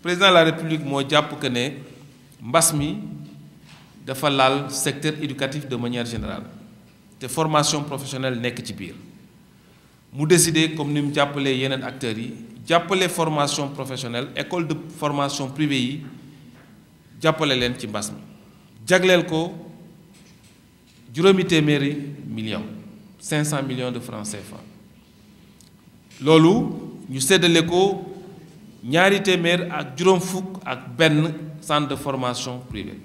président la république moo jàpp que ne mbas mi dafa laal secteur éducatif de manière générale te formation professionnelle nekk ci biir mu décidé comme ni mu jàppalee yeneen acteurs yi jàppale formation professionnelle école de formation privée yi jàppale leen ci mbas mi jagleel ko juróomi téeméeri million cinq cent millions de francs CFA loolu ñu séddale ko ñaari téeméer ak juróom fukk ak benn centre de formation privée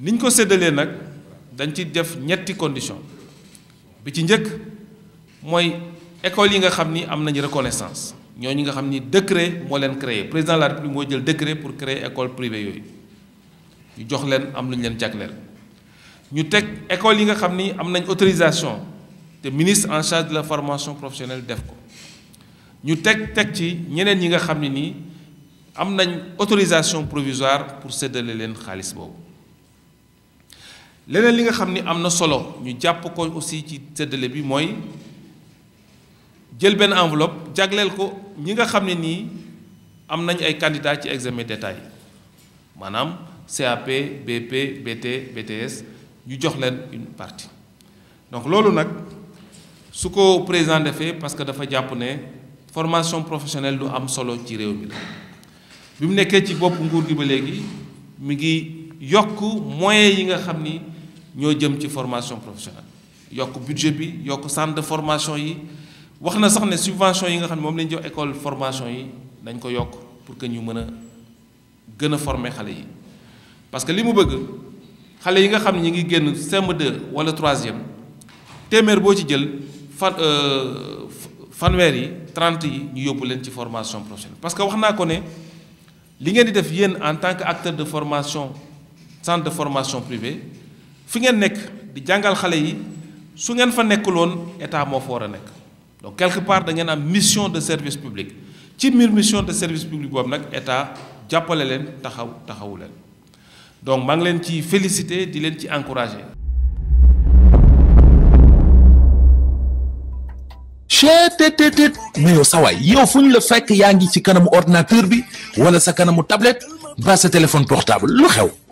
niñ ko séddalee nag dañ ci def ñetti condition bi ci njëkk mooy école yi nga xam ni am nañu reconnaissance ñoo ñi nga xam ni décret moo leen créer président la république moo jël décret pour créer école privée yooyu ñu jox leen am lu ñu leen jagleel ñu teg école yi nga xam ni am nañ autorisation te ministre en charge de la formation professionnelle def ko ñu teg teg ci ñeneen yi nga xam ne nii am nañ autorisation provisoire pour séddale leen xaalis boobu leneen li nga xam ni am na solo ñu jàpp ko aussi ci séddale bi mooy jël benn enveloppe jagleel ko ñi nga xam ne nii am nañ ay candidats ci examen d'état yi maanaam CAP BP BT BTS ñu jox leen une partie donc loolu nag su ko président defee parce que dafa jàpp ne formation professionnelle lu am solo ci réew mi la bi mu nekkee ci bopp nguur gi ba léegi mi ngi yokk moyens yi nga xam ni ñoo jëm ci formation professionnelle yokk budget bi yokk centre de formation yi wax na sax ne subvention yi nga xam ne moom lañ jox école formation yi dañ ko yokk pour que ñu mën a gën a former xale yi parce que li mu bëgg xale yi nga xam ne ñi ngi génn CM2 wala troisième téeméer boo ci jël fan euh, fanweer yi trente yi ñu yóbbu leen ci formation professionnelle parce que wax naa ko ne li ngeen di def yéen en tant que acteur de formation centre de formation privé fi ngeen nekk di jàngal xale yi su ngeen fa nekkuloon état moo fa a nekk donc quelque part da ngeen am mission de service public ci miir mission de service public boobu nag état jàppale leen taxaw taxawu leen donc maa ngi leen ci félicité di leen ci encouragé. cheetetetet mais yow sa waay yow fu ñu la fekk yaa ngi ci kanamu ordinateur bi wala sa kanamu tablet ba sa téléphone portable lu xew.